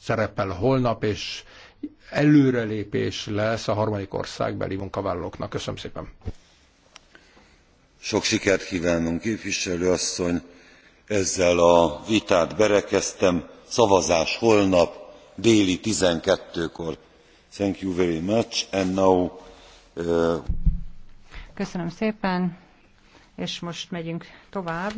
szerepel holnap, és előrelépés lesz a harmadik országbeli munkavállalóknak. Köszönöm szépen. Sok sikert kívánunk, képviselő asszony. Ezzel a vitát berekeztem. Szavazás holnap déli 12-kor. Thank you very much. And now, uh... Köszönöm szépen, és most megyünk tovább.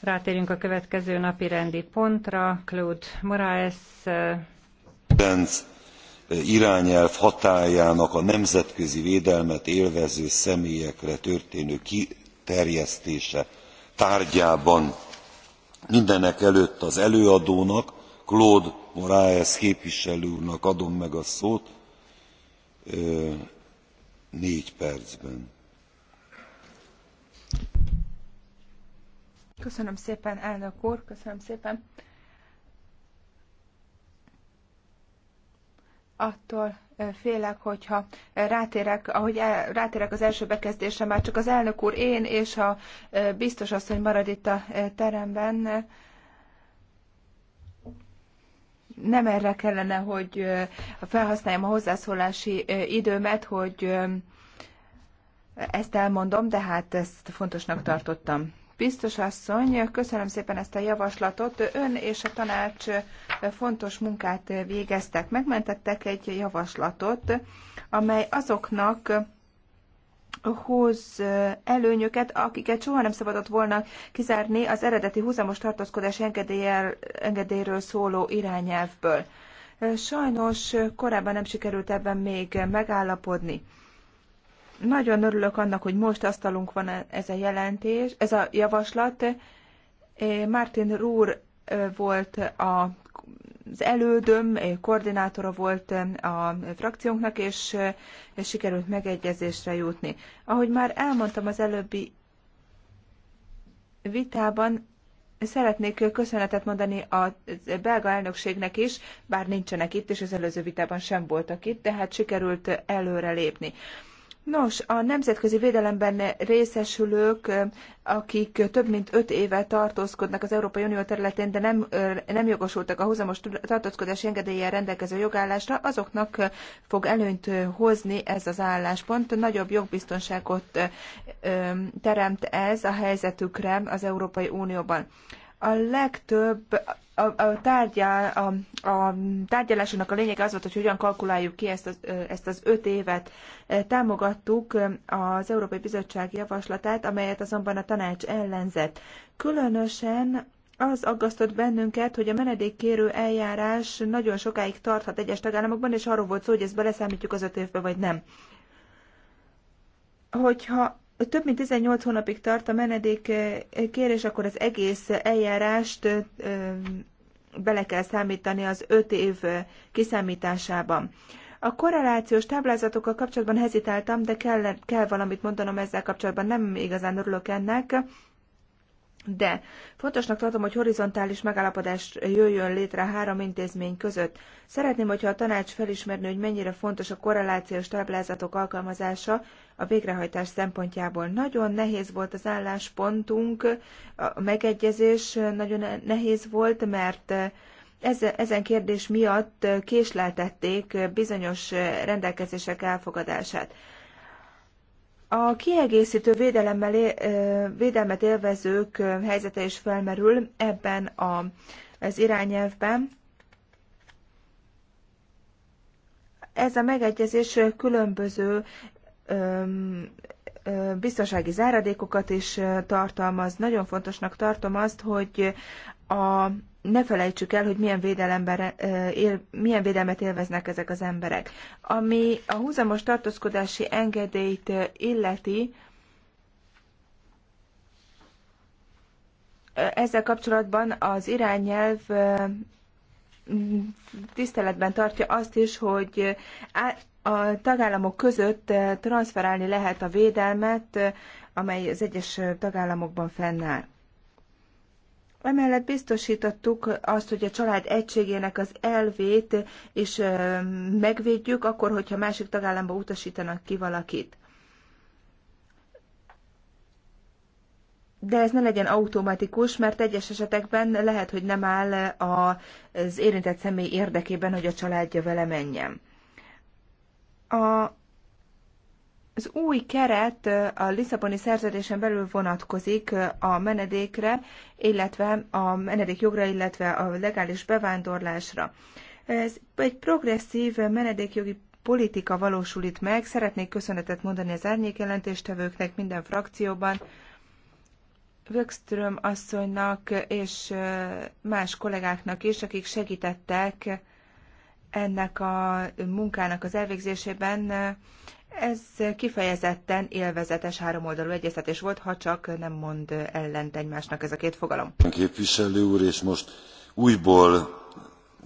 Rátérünk a következő napi rendi pontra. Claude Moraes. irányelv hatájának a nemzetközi védelmet élvező személyekre történő kiterjesztése tárgyában mindenek előtt az előadónak claude moraes képviselő úrnak adom meg a szót négy percben. Köszönöm szépen, elnök úr, köszönöm szépen. attól félek, hogyha rátérek, ahogy el, rátérek az első bekezdésre, már csak az elnök úr, én és a biztos asszony marad itt a teremben, nem erre kellene, hogy felhasználjam a hozzászólási időmet, hogy ezt elmondom, de hát ezt fontosnak tartottam. Biztos asszony, köszönöm szépen ezt a javaslatot. Ön és a tanács fontos munkát végeztek. Megmentettek egy javaslatot, amely azoknak hoz előnyöket, akiket soha nem szabadott volna kizárni az eredeti húzamos tartózkodás engedélyről szóló irányelvből. Sajnos korábban nem sikerült ebben még megállapodni. Nagyon örülök annak, hogy most asztalunk van e- ez a jelentés, ez a javaslat. Martin Rúr volt a az elődöm, koordinátora volt a frakciónknak, és sikerült megegyezésre jutni. Ahogy már elmondtam az előbbi vitában, Szeretnék köszönetet mondani a belga elnökségnek is, bár nincsenek itt, és az előző vitában sem voltak itt, tehát sikerült előrelépni. Nos, a nemzetközi védelemben részesülők, akik több mint öt éve tartózkodnak az Európai Unió területén, de nem, nem jogosultak a hozamos tartózkodási engedélyen rendelkező jogállásra, azoknak fog előnyt hozni ez az álláspont. Nagyobb jogbiztonságot teremt ez a helyzetükre az Európai Unióban a legtöbb a, a, tárgyal, a, a tárgyalásunknak a lényege az volt, hogy hogyan kalkuláljuk ki ezt az, ezt az öt évet. Támogattuk az Európai Bizottság javaslatát, amelyet azonban a tanács ellenzett. Különösen az aggasztott bennünket, hogy a menedékkérő eljárás nagyon sokáig tarthat egyes tagállamokban, és arról volt szó, hogy ezt beleszámítjuk az öt évbe, vagy nem. Hogyha több mint 18 hónapig tart a menedék eh, kérés, akkor az egész eljárást eh, bele kell számítani az 5 év eh, kiszámításában. A korrelációs táblázatokkal kapcsolatban hezitáltam, de kell, kell valamit mondanom ezzel kapcsolatban, nem igazán örülök ennek. De fontosnak tartom, hogy horizontális megállapodás jöjjön létre három intézmény között. Szeretném, hogyha a tanács felismerni, hogy mennyire fontos a korrelációs táblázatok alkalmazása a végrehajtás szempontjából. Nagyon nehéz volt az álláspontunk, a megegyezés nagyon nehéz volt, mert ezen kérdés miatt késleltették bizonyos rendelkezések elfogadását. A kiegészítő védelemmel, védelmet élvezők helyzete is felmerül ebben a, az irányelvben. Ez a megegyezés különböző biztonsági záradékokat is tartalmaz. Nagyon fontosnak tartom azt, hogy a ne felejtsük el, hogy milyen, védelemben, él, milyen védelmet élveznek ezek az emberek. Ami a húzamos tartózkodási engedélyt illeti, ezzel kapcsolatban az irányelv tiszteletben tartja azt is, hogy a tagállamok között transferálni lehet a védelmet, amely az egyes tagállamokban fennáll. Emellett biztosítottuk azt, hogy a család egységének az elvét is megvédjük, akkor, hogyha másik tagállamba utasítanak ki valakit. de ez ne legyen automatikus, mert egyes esetekben lehet, hogy nem áll az érintett személy érdekében, hogy a családja vele menjen. A az új keret a Lisszaboni szerződésen belül vonatkozik a menedékre, illetve a menedékjogra, illetve a legális bevándorlásra. Ez egy progresszív menedékjogi politika valósul itt meg. Szeretnék köszönetet mondani az árnyékjelentéstevőknek minden frakcióban, Vöxtröm asszonynak és más kollégáknak is, akik segítettek ennek a munkának az elvégzésében. Ez kifejezetten élvezetes háromoldalú egyeztetés volt, ha csak nem mond ellent egymásnak ez a két fogalom. Képviselő úr, és most újból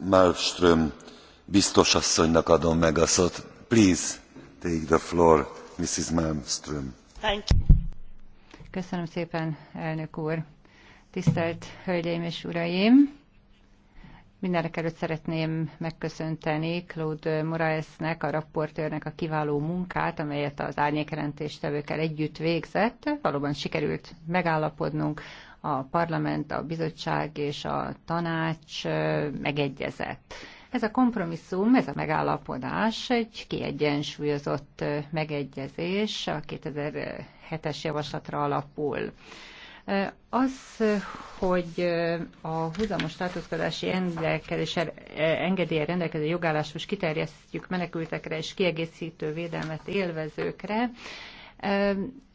Malmström biztos asszonynak adom meg a szót. Please, take the floor, Mrs. Malmström. Köszönöm szépen, elnök úr. Tisztelt Hölgyeim és Uraim! Mindenek előtt szeretném megköszönteni Claude Moraesnek, a rapportőrnek a kiváló munkát, amelyet az árnyékerentéstevőkkel együtt végzett. Valóban sikerült megállapodnunk, a parlament, a bizottság és a tanács megegyezett. Ez a kompromisszum, ez a megállapodás egy kiegyensúlyozott megegyezés a 2007-es javaslatra alapul. Az, hogy a húzamos tartózkodási engedélye rendelkező jogállásos kiterjesztjük menekültekre és kiegészítő védelmet élvezőkre,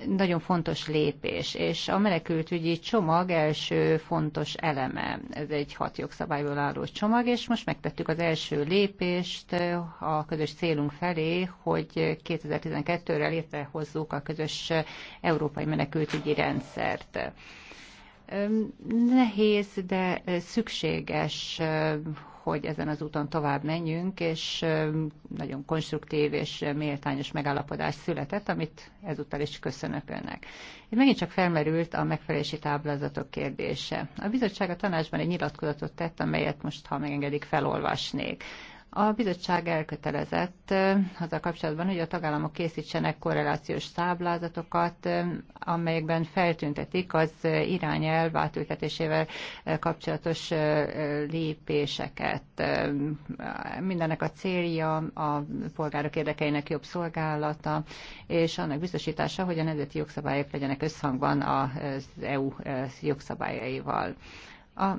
nagyon fontos lépés, és a menekültügyi csomag első fontos eleme. Ez egy hat jogszabályból álló csomag, és most megtettük az első lépést a közös célunk felé, hogy 2012-re létrehozzuk a közös európai menekültügyi rendszert. Nehéz, de szükséges, hogy ezen az úton tovább menjünk, és nagyon konstruktív és méltányos megállapodás született, amit ezúttal is köszönök önnek. Itt megint csak felmerült a megfelelési táblázatok kérdése. A bizottság a tanácsban egy nyilatkozatot tett, amelyet most, ha megengedik, felolvasnék. A bizottság elkötelezett azzal kapcsolatban, hogy a tagállamok készítsenek korrelációs táblázatokat, amelyekben feltüntetik az irányelv átültetésével kapcsolatos lépéseket. Mindennek a célja a polgárok érdekeinek jobb szolgálata, és annak biztosítása, hogy a nemzeti jogszabályok legyenek összhangban az EU jogszabályaival. A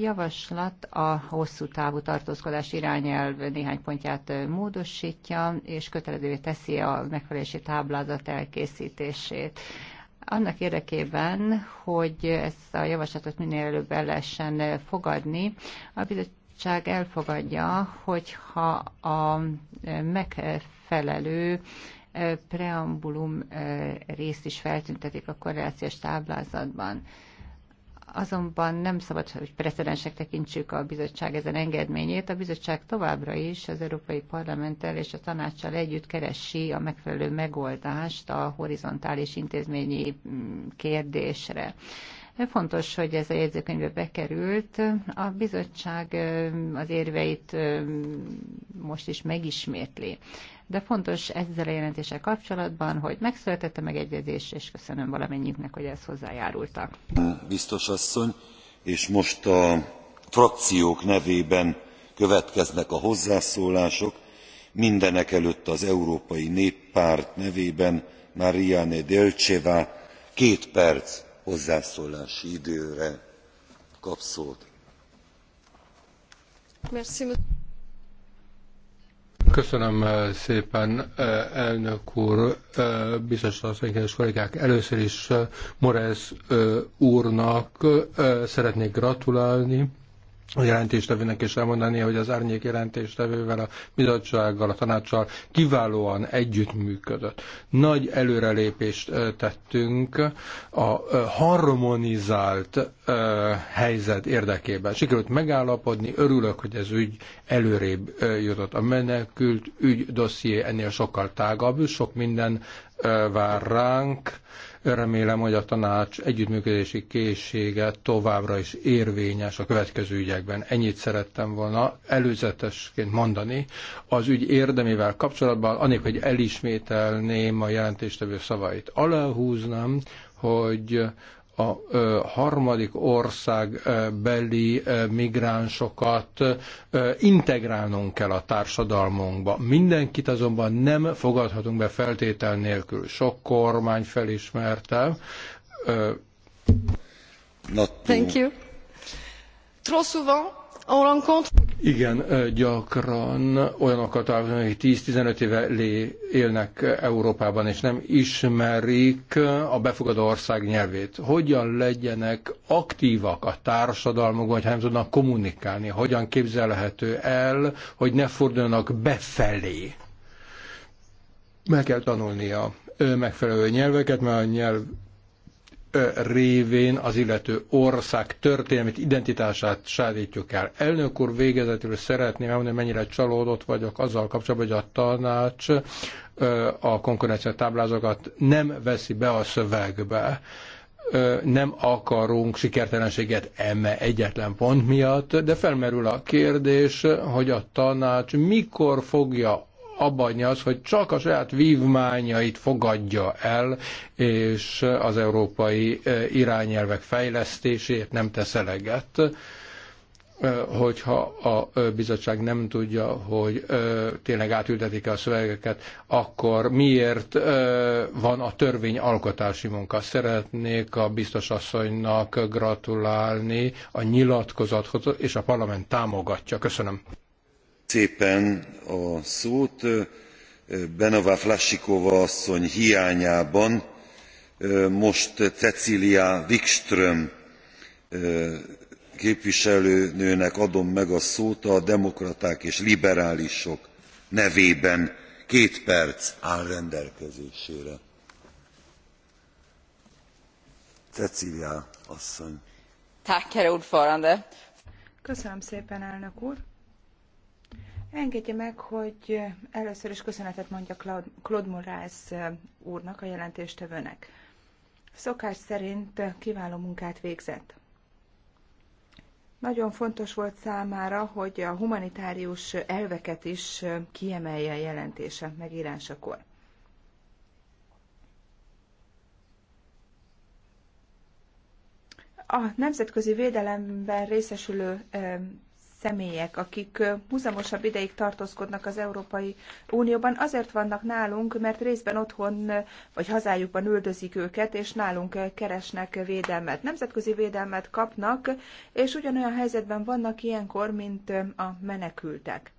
javaslat a hosszú távú tartózkodás irányelv néhány pontját módosítja, és kötelezővé teszi a megfelelési táblázat elkészítését annak érdekében, hogy ezt a javaslatot minél előbb el lehessen fogadni, a bizottság elfogadja, hogyha a megfelelő preambulum részt is feltüntetik a korrelációs táblázatban azonban nem szabad, hogy precedensek tekintsük a bizottság ezen engedményét. A bizottság továbbra is az Európai Parlamenttel és a tanácssal együtt keresi a megfelelő megoldást a horizontális intézményi mm, kérdésre. Fontos, hogy ez a jegyzőkönyvbe bekerült. A bizottság az érveit most is megismétli de fontos ezzel a jelentéssel kapcsolatban, hogy megszületett a megegyezés, és köszönöm valamennyiüknek, hogy ezt hozzájárultak. Biztos asszony, és most a frakciók nevében következnek a hozzászólások. előtt az Európai Néppárt nevében Mariane Delcseva két perc hozzászólási időre kap szót. Merci. Köszönöm eh, szépen, eh, elnök úr, eh, biztos asszony, kedves kollégák. Először is Morez úrnak szeretnék gratulálni a jelentéstevőnek is elmondani, hogy az árnyék jelentéstevővel, a bizottsággal, a tanácssal kiválóan együttműködött. Nagy előrelépést tettünk a harmonizált helyzet érdekében. Sikerült megállapodni, örülök, hogy ez ügy előrébb jutott. A menekült ügy dosszié ennél sokkal tágabb, sok minden vár ránk Remélem, hogy a tanács együttműködési készsége továbbra is érvényes a következő ügyekben. Ennyit szerettem volna előzetesként mondani. Az ügy érdemével kapcsolatban, anélkül, hogy elismételném a jelentéstevő szavait, aláhúznám, hogy a harmadik ország beli migránsokat integrálnunk kell a társadalmunkba. Mindenkit azonban nem fogadhatunk be feltétel nélkül. Sok kormány felismerte. Thank you. Trop souvent, igen, gyakran olyanokat akik 10-15 éve lé, élnek Európában, és nem ismerik a befogadó ország nyelvét. Hogyan legyenek aktívak a társadalmukban, hogy nem tudnak kommunikálni? Hogyan képzelhető el, hogy ne forduljanak befelé? Meg kell tanulnia megfelelő nyelveket, mert a nyelv révén az illető ország történelmét, identitását sárítjuk el. Elnök úr, végezetül szeretném elmondani, mennyire csalódott vagyok azzal kapcsolatban, hogy a tanács a konkurencia táblázatokat nem veszi be a szövegbe nem akarunk sikertelenséget eme egyetlen pont miatt, de felmerül a kérdés, hogy a tanács mikor fogja abban az, hogy csak a saját vívmányait fogadja el, és az európai e, irányelvek fejlesztését nem tesz eleget e, hogyha a e, bizottság nem tudja, hogy tényleg átültetik-e a szövegeket, akkor miért van a törvény alkotási munka? Szeretnék a biztosasszonynak gratulálni a nyilatkozathoz, és a parlament támogatja. Köszönöm szépen a szót. benová flasikova asszony hiányában most cecilia wikström képviselőnőnek adom meg a szót a demokraták és liberálisok nevében. két perc áll rendelkezésére. cecilia asszony. Köszönöm szépen, elnök úr! Engedje meg, hogy először is köszönetet mondja Claude Morász eh, úrnak, a jelentéstevőnek. Szokás szerint kiváló munkát végzett. Nagyon fontos volt számára, hogy a humanitárius elveket is eh, kiemelje a jelentése megírásakor. A nemzetközi védelemben részesülő eh, személyek, akik húzamosabb ideig tartózkodnak az Európai Unióban, azért vannak nálunk, mert részben otthon vagy hazájukban üldözik őket, és nálunk keresnek védelmet. Nemzetközi védelmet kapnak, és ugyanolyan helyzetben vannak ilyenkor, mint a menekültek.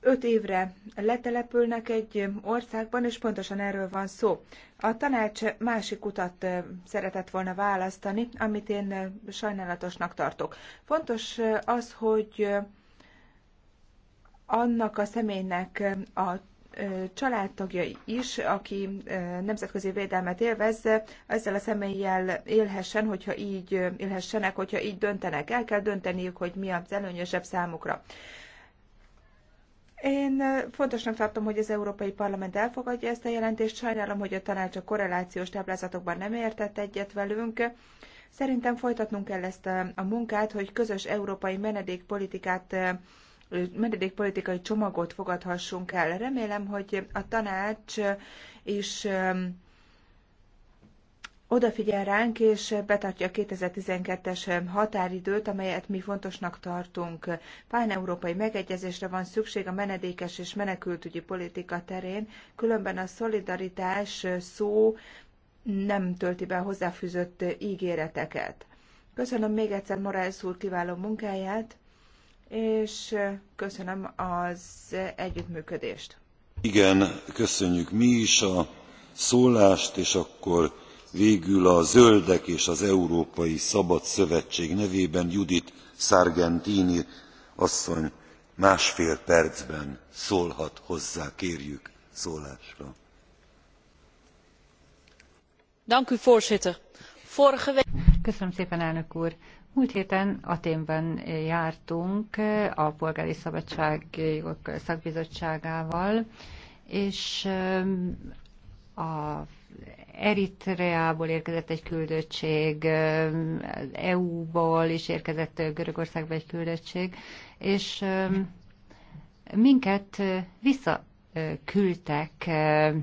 öt évre letelepülnek egy országban, és pontosan erről van szó. A tanács másik utat szeretett volna választani, amit én sajnálatosnak tartok. Fontos az, hogy annak a személynek a családtagjai is, aki nemzetközi védelmet élvez, ezzel a személlyel élhessen, hogyha így élhessenek, hogyha így döntenek. El kell dönteniük, hogy mi az előnyösebb számukra. Én fontosnak tartom, hogy az Európai Parlament elfogadja ezt a jelentést. Sajnálom, hogy a tanács a korrelációs táblázatokban nem értett egyet velünk. Szerintem folytatnunk kell ezt a munkát, hogy közös európai menedékpolitikát menedékpolitikai csomagot fogadhassunk el. Remélem, hogy a tanács is odafigyel ránk, és betartja a 2012-es határidőt, amelyet mi fontosnak tartunk. Pán-európai megegyezésre van szükség a menedékes és menekültügyi politika terén, különben a szolidaritás szó nem tölti be hozzáfűzött ígéreteket. Köszönöm még egyszer Morales úr kiváló munkáját, és köszönöm az együttműködést. Igen, köszönjük mi is a szólást, és akkor végül a zöldek és az európai szabad szövetség nevében judith sargentini asszony másfél percben szólhat hozzá kérjük szólásra. Köszönöm szépen, elnök úr! Múlt héten Aténben jártunk a Polgári Szabadságjogok Szakbizottságával, és a Eritreából érkezett egy küldöttség, EU-ból is érkezett Görögországba egy küldöttség, és um, minket visszaküldtek uh,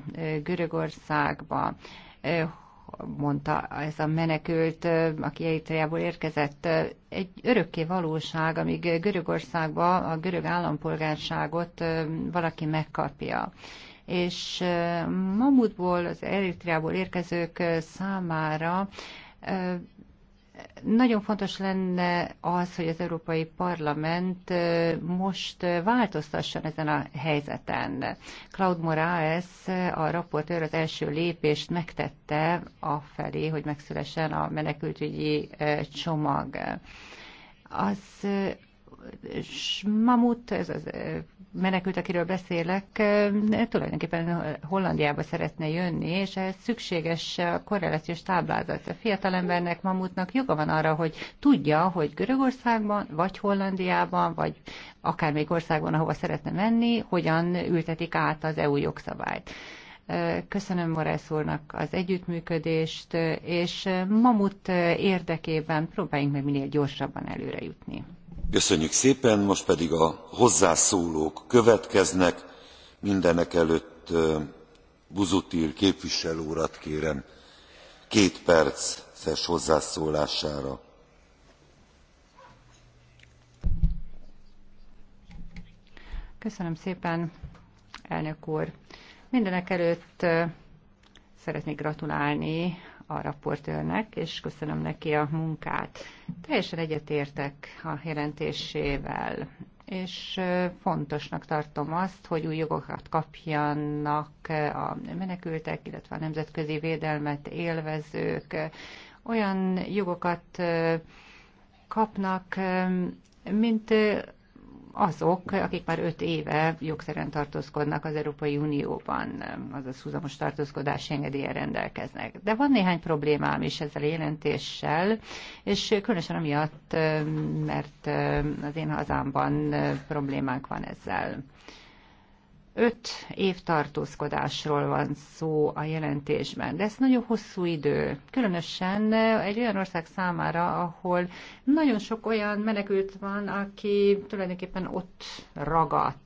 Görögországba, uh, mondta ez a menekült, uh, aki Eritreából érkezett. Egy örökké valóság, amíg Görögországba a görög állampolgárságot valaki megkapja és Mamutból, az Eritreából érkezők számára nagyon fontos lenne az, hogy az Európai Parlament most változtasson ezen a helyzeten. Claude Moraes, a raportőr az első lépést megtette a felé, hogy megszülessen a menekültügyi csomag. Az Mamut, ez az menekült, akiről beszélek, tulajdonképpen Hollandiába szeretne jönni, és ez szükséges a korrelációs táblázat. A fiatalembernek, Mamutnak joga van arra, hogy tudja, hogy Görögországban, vagy Hollandiában, vagy akár még országban, ahova szeretne menni, hogyan ültetik át az EU jogszabályt. Köszönöm Morász úrnak az együttműködést, és Mamut érdekében próbáljunk meg minél gyorsabban előre jutni. Köszönjük szépen, most pedig a hozzászólók következnek. Mindenekelőtt Buzutil képviselő urat kérem két perces hozzászólására. Köszönöm szépen, elnök úr. Mindenek előtt szeretnék gratulálni a raportőrnek, és köszönöm neki a munkát. Teljesen egyetértek a jelentésével, és fontosnak tartom azt, hogy új jogokat kapjanak a menekültek, illetve a nemzetközi védelmet élvezők, olyan jogokat kapnak, mint azok, akik már öt éve jogszerűen tartózkodnak az Európai Unióban, azaz húzamos tartózkodási engedélyen rendelkeznek. De van néhány problémám is ezzel a jelentéssel, és különösen amiatt, mert az én hazámban problémánk van ezzel. Öt év tartózkodásról van szó a jelentésben, de ez nagyon hosszú idő, különösen egy olyan ország számára, ahol nagyon sok olyan menekült van, aki tulajdonképpen ott ragadt.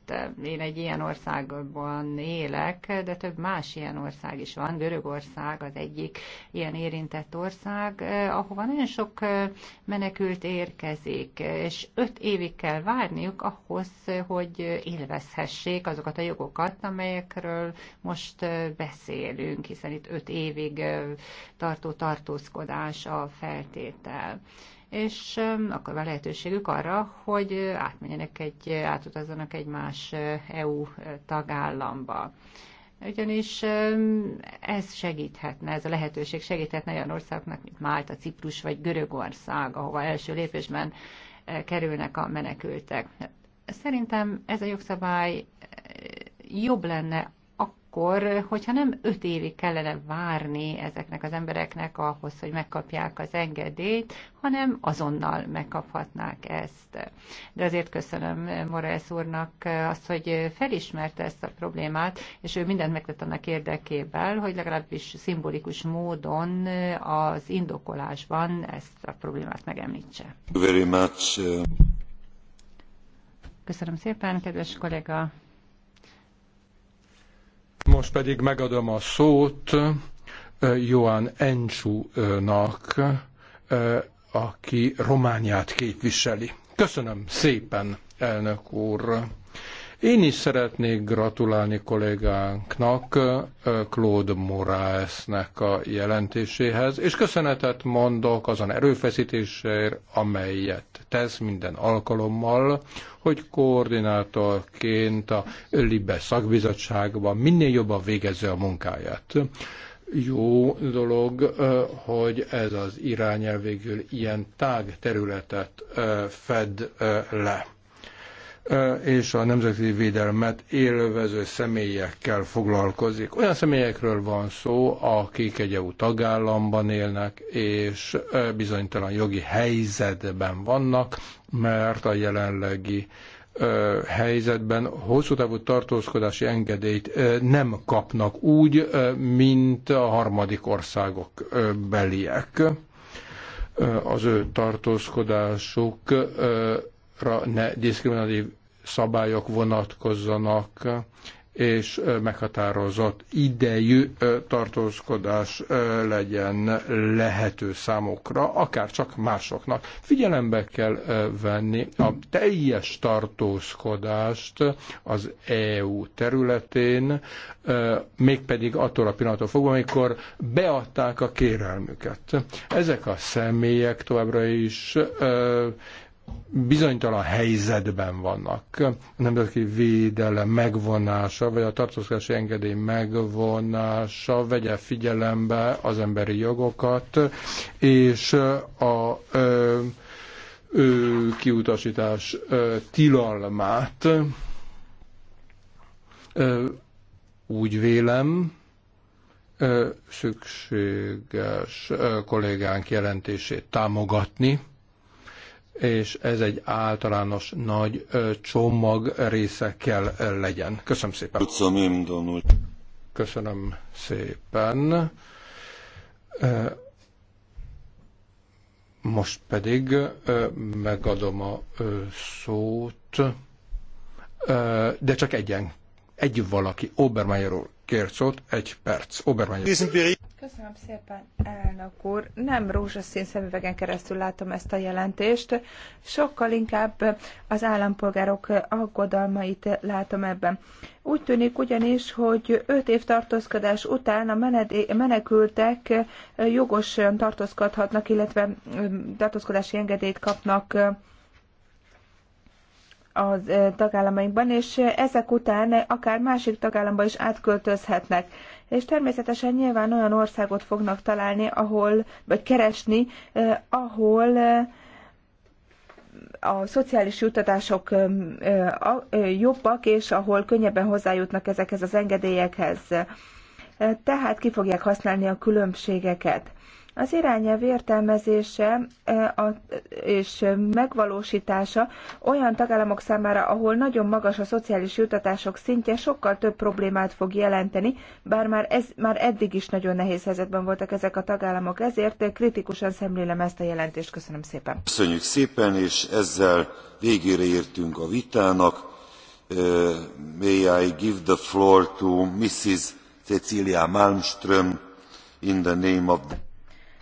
Én egy ilyen országban élek, de több más ilyen ország is van. Görögország az egyik ilyen érintett ország, ahova nagyon sok menekült érkezik, és öt évig kell várniuk ahhoz, hogy élvezhessék azokat a jó jogokat, amelyekről most beszélünk, hiszen itt öt évig tartó tartózkodás a feltétel és akkor van lehetőségük arra, hogy átmenjenek egy, átutazzanak egy más EU tagállamba ugyanis ez segíthetne, ez a lehetőség segíthetne olyan országnak, mint Málta, Ciprus vagy Görögország, ahova első lépésben kerülnek a menekültek. Szerintem ez a jogszabály jobb lenne akkor, hogyha nem öt évig kellene várni ezeknek az embereknek ahhoz, hogy megkapják az engedélyt, hanem azonnal megkaphatnák ezt. De azért köszönöm Morales úrnak azt, hogy felismerte ezt a problémát, és ő mindent megtett annak érdekében, hogy legalábbis szimbolikus módon az indokolásban ezt a problémát megemlítse. Very much. Uh, köszönöm szépen, kedves kollega! Most pedig megadom a szót Joan Encsúnak, aki Romániát képviseli. Köszönöm szépen, elnök úr! Én is szeretnék gratulálni kollégánknak, Claude Moraesnek a jelentéséhez, és köszönetet mondok azon erőfeszítésért, amelyet tesz minden alkalommal, hogy koordinátorként a Libe szakbizottságban minél jobban végezze a munkáját jó dolog, hogy ez az irányelv végül ilyen tág területet fed le és a nemzeti védelmet élvező személyekkel foglalkozik. Olyan személyekről van szó, akik egy EU tagállamban élnek, és bizonytalan jogi helyzetben vannak, mert a jelenlegi helyzetben hosszú távú tartózkodási engedélyt nem kapnak úgy, mint a harmadik országok beliek. Az ő tartózkodásuk ne diszkriminatív szabályok vonatkozzanak, és meghatározott idejű tartózkodás legyen lehető számokra, akár csak másoknak. Figyelembe kell venni a teljes tartózkodást az EU területén, mégpedig attól a pillanattól fogva, amikor beadták a kérelmüket. Ezek a személyek továbbra is bizonytalan helyzetben vannak. A nemzetközi védelem megvonása, vagy a tartózkodási engedély megvonása vegye figyelembe az emberi jogokat, és a ö, ö, kiutasítás ö, tilalmát. Ö, úgy vélem, szükséges kollégánk jelentését támogatni, és ez egy általános nagy csomag része kell legyen. Köszönöm szépen. Köszönöm, szépen. Most pedig megadom a szót, de csak egyen, egy valaki, Obermeyer úr kért szót, egy perc. Obermány. Köszönöm szépen, elnök úr. Nem rózsaszín szemüvegen keresztül látom ezt a jelentést. Sokkal inkább az állampolgárok aggodalmait látom ebben. Úgy tűnik ugyanis, hogy öt év tartózkodás után a menekültek jogosan tartózkodhatnak, illetve tartózkodási engedélyt kapnak az tagállamainkban, és ezek után akár másik tagállamba is átköltözhetnek. És természetesen nyilván olyan országot fognak találni, ahol, vagy keresni, ahol a szociális juttatások jobbak, és ahol könnyebben hozzájutnak ezekhez az engedélyekhez. Tehát ki fogják használni a különbségeket. Az irányelv értelmezése e, és megvalósítása olyan tagállamok számára, ahol nagyon magas a szociális jutatások szintje, sokkal több problémát fog jelenteni, bár már, ez, már eddig is nagyon nehéz helyzetben voltak ezek a tagállamok, ezért kritikusan szemlélem ezt a jelentést. Köszönöm szépen. Köszönjük szépen, és ezzel végére értünk a vitának. Uh, may I give the floor to Mrs. Cecilia Malmström in the name of the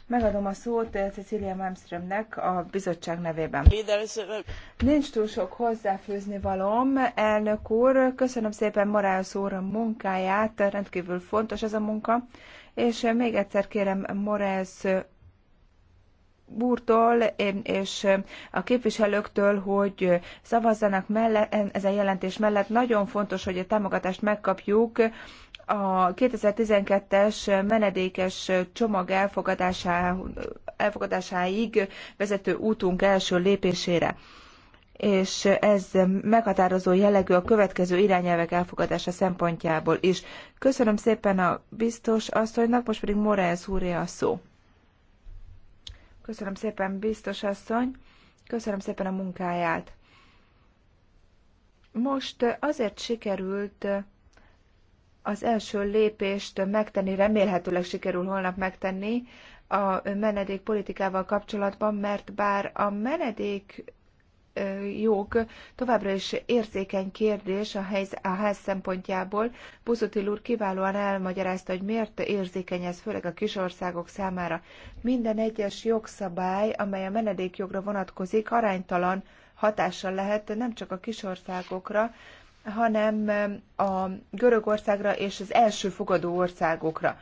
Megadom a szót eh, Cecilia Malmströmnek a bizottság nevében. Nincs túl sok hozzáfőzni valom, elnök úr. Köszönöm szépen Morales úr a munkáját, rendkívül fontos ez a munka. És eh, még egyszer kérem Morales eh, úrtól és a képviselőktől, hogy szavazzanak mellett, ezen jelentés mellett. Nagyon fontos, hogy a támogatást megkapjuk a 2012-es menedékes csomag elfogadásá, elfogadásáig vezető útunk első lépésére és ez meghatározó jellegű a következő irányelvek elfogadása szempontjából is. Köszönöm szépen a biztos asszonynak, most pedig Morales úré a szó. Köszönöm szépen, biztos asszony, köszönöm szépen a munkáját. Most azért sikerült az első lépést megtenni, remélhetőleg sikerül holnap megtenni a menedék politikával kapcsolatban, mert bár a menedék jog továbbra is érzékeny kérdés a, hely, a ház szempontjából. Buzutil úr kiválóan elmagyarázta, hogy miért érzékeny ez, főleg a kisországok számára. Minden egyes jogszabály, amely a menedékjogra vonatkozik, aránytalan hatással lehet nem csak a kisországokra, hanem a Görögországra és az első fogadó országokra.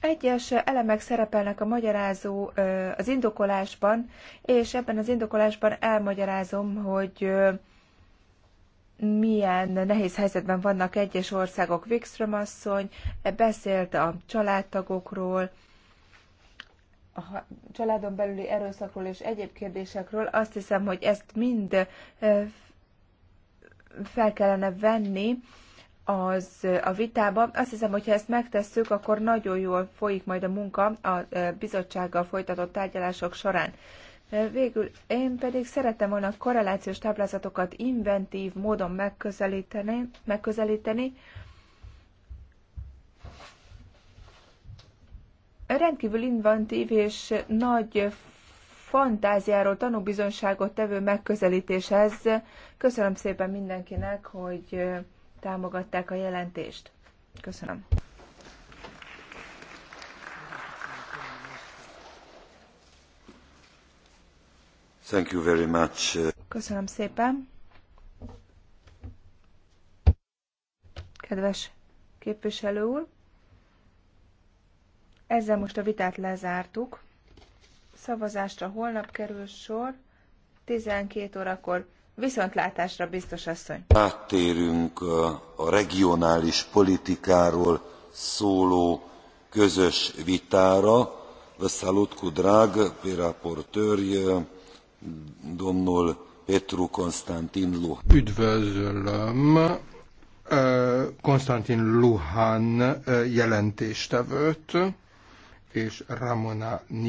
Egyes elemek szerepelnek a magyarázó az indokolásban, és ebben az indokolásban elmagyarázom, hogy milyen nehéz helyzetben vannak egyes országok. Wikström asszony beszélt a családtagokról, a családon belüli erőszakról és egyéb kérdésekről, azt hiszem, hogy ezt mind fel kellene venni az a vitába. Azt hiszem, hogy ha ezt megtesszük, akkor nagyon jól folyik majd a munka a bizottsággal folytatott tárgyalások során. Végül én pedig szerettem volna korrelációs táblázatokat inventív módon megközelíteni, megközelíteni rendkívül inventív és nagy fantáziáról tanúbizonságot tevő ez Köszönöm szépen mindenkinek, hogy támogatták a jelentést. Köszönöm. Thank you very much. Köszönöm szépen. Kedves képviselő úr! Ezzel most a vitát lezártuk. Szavazásra holnap kerül sor, 12 órakor. Viszontlátásra, biztos asszony! Áttérünk a regionális politikáról szóló közös vitára. Vă drág, cu drag domnul Petru Konstantin Luhan. Üdvözlöm Konstantin Luhan jelentéstevőt és Ramona